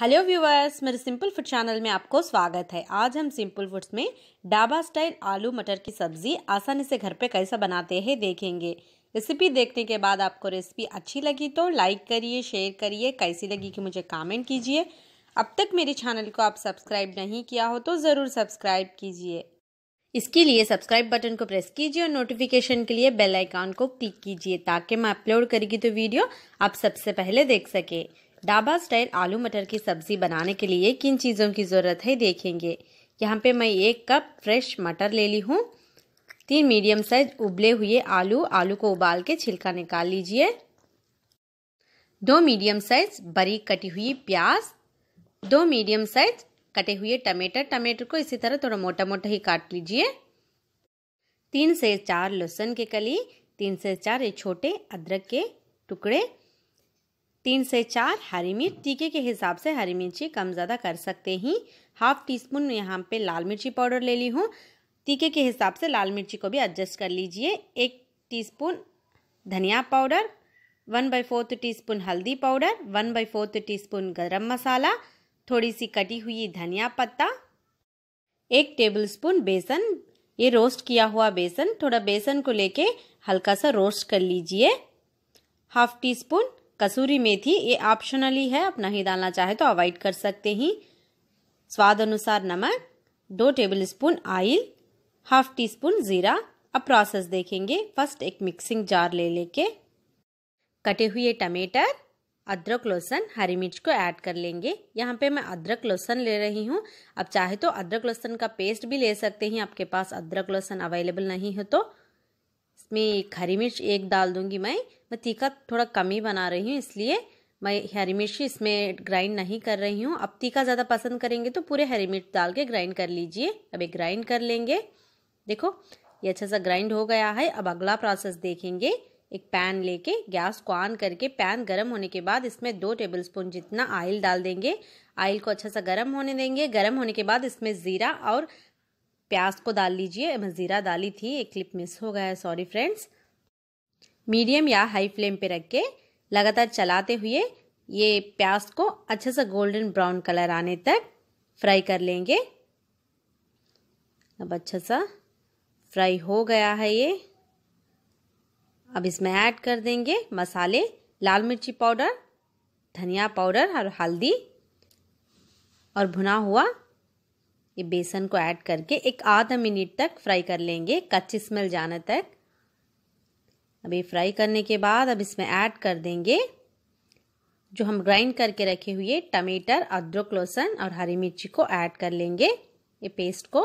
hello viewers मेरे simple food channel में आपको स्वागत है आज हम सिंपल फूड्स में डाबा स्टाइल आलू मटर की सब्ज़ी आसानी से घर पे कैसा बनाते हैं देखेंगे रेसिपी देखने के बाद आपको रेसिपी अच्छी लगी तो लाइक करिए शेयर करिए कैसी लगी कि मुझे कमेंट कीजिए अब तक मेरे चैनल को आप सब्सक्राइब नहीं किया हो तो ज़रूर सब्सक्राइब कीजिए इसके लिए सब्सक्राइब बटन को प्रेस कीजिए और नोटिफिकेशन के लिए बेल आइकॉन को क्लिक कीजिए ताकि मैं अपलोड करेगी तो वीडियो आप सबसे पहले देख सकें डाबा स्टाइल आलू मटर की सब्जी बनाने के लिए किन चीज़ों की ज़रूरत है देखेंगे यहाँ पे मैं एक कप फ्रेश मटर ले ली हूँ तीन मीडियम साइज उबले हुए आलू आलू को उबाल के छिलका निकाल लीजिए दो मीडियम साइज बारीक कटी हुई प्याज दो मीडियम साइज कटे हुए टमाटर टमाटर को इसी तरह थोड़ा मोटा मोटा ही काट लीजिए तीन से चार लहसुन के कली तीन से चार छोटे अदरक के टुकड़े तीन से चार हरी मिर्च टीके के हिसाब से हरी मिर्ची कम ज़्यादा कर सकते ही हाफ टी स्पून यहाँ पे लाल मिर्ची पाउडर ले ली हूँ टीके के हिसाब से लाल मिर्ची को भी एडजस्ट कर लीजिए एक टीस्पून धनिया powder one by fourth teaspoon हल्दी powder one by fourth teaspoon गर्म मसाला थोड़ी सी कटी हुई धनिया पत्ता एक टेबल स्पून बेसन ये रोस्ट किया हुआ बेसन थोड़ा बेसन को लेके हल्का सा रोस्ट कर लीजिए हाफ टी स्पून कसूरी मेथी ये ऑप्शनली है आप नहीं डालना चाहे तो अवॉइड कर सकते हैं स्वाद अनुसार नमक दो tablespoon oil half teaspoon ज़ीरा अब प्रोसेस देखेंगे फर्स्ट एक मिक्सिंग जार ले लेके कटे हुए टमाटर अदरक लहसुन हरी मिर्च को ऐड कर लेंगे यहाँ पे मैं अदरक लहसुन ले रही हूँ अब चाहे तो अदरक लहसुन का पेस्ट भी ले सकते हैं आपके पास अदरक लहसुन अवेलेबल नहीं हो तो इसमें हरी मिर्च एक डाल दूंगी मैं मैं तीखा थोड़ा कम ही बना रही हूँ इसलिए मैं हरी मिर्च इसमें ग्राइंड नहीं कर रही हूँ अब तीखा ज़्यादा पसंद करेंगे तो पूरे हरी मिर्च डाल के ग्राइंड कर लीजिए अब एक ग्राइंड कर लेंगे देखो ये अच्छा सा ग्राइंड हो गया है अब अगला प्रोसेस देखेंगे एक पैन लेके गैस को ऑन करके पैन गर्म होने के बाद इसमें दो टेबलस्पून जितना आयल डाल देंगे आयल को अच्छा सा गर्म होने देंगे गर्म होने के बाद इसमें ज़ीरा और प्याज को डाल लीजिए मैं ज़ीरा डाली थी एक क्लिप मिस हो गया है सॉरी फ्रेंड्स मीडियम या हाई फ्लेम पे रख के लगातार चलाते हुए ये प्याज को अच्छे से गोल्डन ब्राउन कलर आने तक फ्राई कर लेंगे अब अच्छा सा फ्राई हो गया है ये अब इसमें ऐड कर देंगे मसाले लाल मिर्ची पाउडर धनिया पाउडर और हल्दी और भुना हुआ ये बेसन को ऐड करके एक आधा मिनट तक फ्राई कर लेंगे कच्ची स्मेल जाने तक अभी फ्राई करने के बाद अब इसमें ऐड कर देंगे जो हम ग्राइंड करके रखे हुए टमाटर अदरक लहसुन और हरी मिर्ची को ऐड कर लेंगे ये पेस्ट को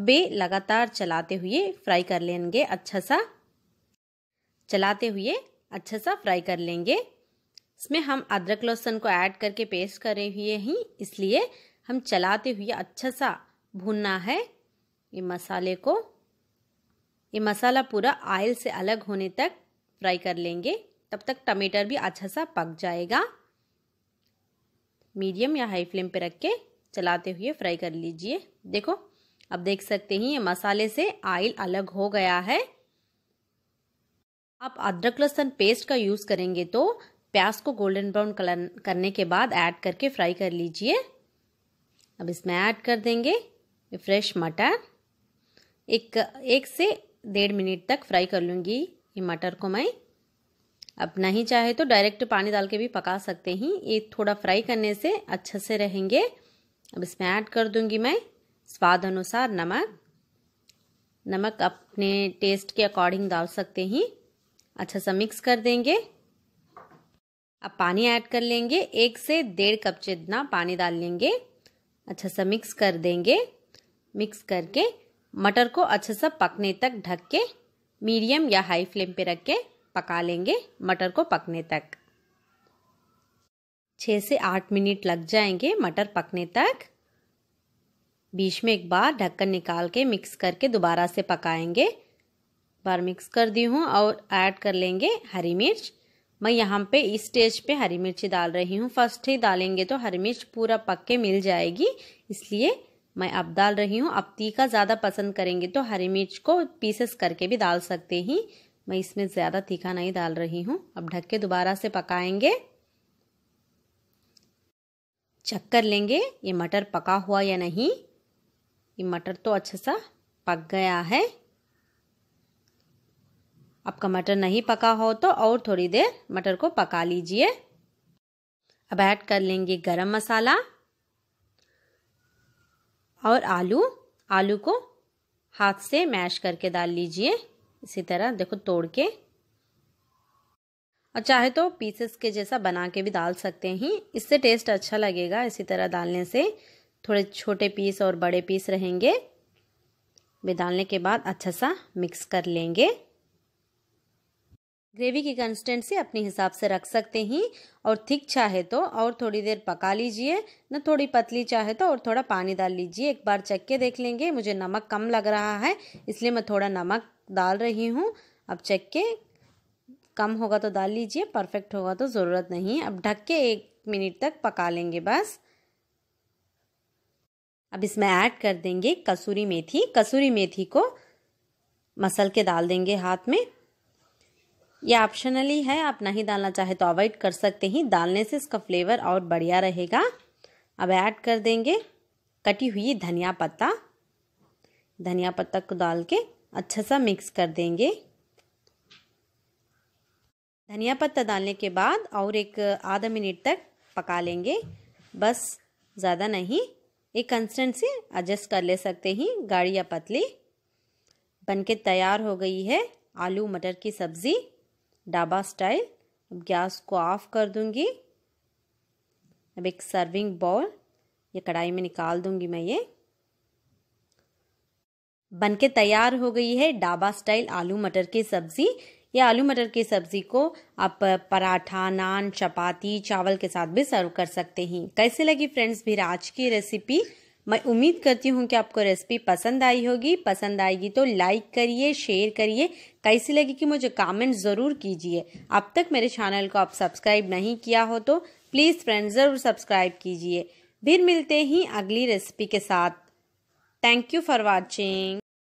अभी लगातार चलाते हुए फ्राई कर लेंगे अच्छा सा चलाते हुए अच्छा सा फ्राई कर लेंगे इसमें हम अदरक लहसुन को ऐड करके पेस्ट करे हुए ही इसलिए हम चलाते हुए अच्छा सा भूनना है ये मसाले को ये मसाला पूरा आयल से अलग होने तक फ्राई कर लेंगे तब तक टमाटर भी अच्छा सा पक जाएगा मीडियम या हाई फ्लेम पे रख के चलाते हुए फ्राई कर लीजिए देखो अब देख सकते हैं ये मसाले से आयल अलग हो गया है आप अदरक लहसुन पेस्ट का यूज़ करेंगे तो प्याज को गोल्डन ब्राउन कलर करने के बाद ऐड करके फ्राई कर लीजिए अब इसमें ऐड कर देंगे फ्रेश मटर एक एक से डेढ़ मिनट तक फ्राई कर लूँगी ये मटर को मैं अब नहीं चाहे तो डायरेक्ट पानी डाल के भी पका सकते हैं ये थोड़ा फ्राई करने से अच्छे से रहेंगे अब इसमें ऐड कर दूँगी मैं स्वाद अनुसार नमक नमक अपने टेस्ट के अकॉर्डिंग डाल सकते हैं अच्छा सा मिक्स कर देंगे अब पानी ऐड कर लेंगे एक से डेढ़ कप जितना पानी डाल लेंगे अच्छा सा मिक्स कर देंगे मिक्स करके मटर को अच्छे सा पकने तक ढक के मीडियम या हाई फ्लेम पे रख के पका लेंगे मटर को पकने तक छः से आठ मिनट लग जाएंगे मटर पकने तक बीच में एक बार ढक्कन निकाल के मिक्स करके दोबारा से पकाएंगे बार मिक्स कर दी हूँ और ऐड कर लेंगे हरी मिर्च मैं यहाँ पे इस स्टेज पे हरी मिर्ची डाल रही हूँ फर्स्ट ही डालेंगे तो हरी मिर्च पूरा पक के मिल जाएगी इसलिए मैं अब डाल रही हूँ अब तीखा ज़्यादा पसंद करेंगे तो हरी मिर्च को पीसेस करके भी डाल सकते हैं मैं इसमें ज़्यादा तीखा नहीं डाल रही हूँ अब ढक के दोबारा से पकाएंगे चेक कर लेंगे ये मटर पका हुआ या नहीं ये मटर तो अच्छा सा पक गया है आपका मटर नहीं पका हो तो और थोड़ी देर मटर को पका लीजिए अब ऐड कर लेंगे गरम मसाला और आलू आलू को हाथ से मैश करके डाल लीजिए इसी तरह देखो तोड़ के और चाहे तो पीसेस के जैसा बना के भी डाल सकते हैं इससे टेस्ट अच्छा लगेगा इसी तरह डालने से थोड़े छोटे पीस और बड़े पीस रहेंगे भी डालने के बाद अच्छा सा मिक्स कर लेंगे ग्रेवी की कंसिस्टेंसी अपने हिसाब से रख सकते हैं और थिक चाहे तो और थोड़ी देर पका लीजिए न थोड़ी पतली चाहे तो और थोड़ा पानी डाल लीजिए एक बार चख के देख लेंगे मुझे नमक कम लग रहा है इसलिए मैं थोड़ा नमक डाल रही हूँ अब चख के कम होगा तो डाल लीजिए परफेक्ट होगा तो ज़रूरत नहीं अब ढक के एक मिनट तक पका लेंगे बस अब इसमें ऐड कर देंगे कसूरी मेथी कसूरी मेथी को मसल के डाल देंगे हाथ में ये ऑप्शनली है आप नहीं डालना चाहे तो अवॉइड कर सकते हैं डालने से इसका फ्लेवर और बढ़िया रहेगा अब ऐड कर देंगे कटी हुई धनिया पत्ता धनिया पत्ता को डाल के अच्छा सा मिक्स कर देंगे धनिया पत्ता डालने के बाद और एक आधा मिनट तक पका लेंगे बस ज़्यादा नहीं एक से एडजस्ट कर ले सकते हैं गाढ़ी या पतली बनके तैयार हो गई है आलू मटर की सब्ज़ी डाबा स्टाइल अब गैस को ऑफ कर दूंगी अब एक सर्विंग बाउल ये कढ़ाई में निकाल दूंगी मैं ये बनके तैयार हो गई है डाबा स्टाइल आलू मटर की सब्जी ये आलू मटर की सब्जी को आप पराठा नान चपाती चावल के साथ भी सर्व कर सकते हैं कैसे लगी फ्रेंड्स भी आज की रेसिपी मैं उम्मीद करती हूँ कि आपको रेसिपी पसंद आई होगी पसंद आएगी तो लाइक करिए शेयर करिए कैसी लगी कि मुझे कमेंट ज़रूर कीजिए अब तक मेरे चैनल को आप सब्सक्राइब नहीं किया हो तो प्लीज़ फ्रेंड ज़रूर सब्सक्राइब कीजिए फिर मिलते ही अगली रेसिपी के साथ थैंक यू फॉर वॉचिंग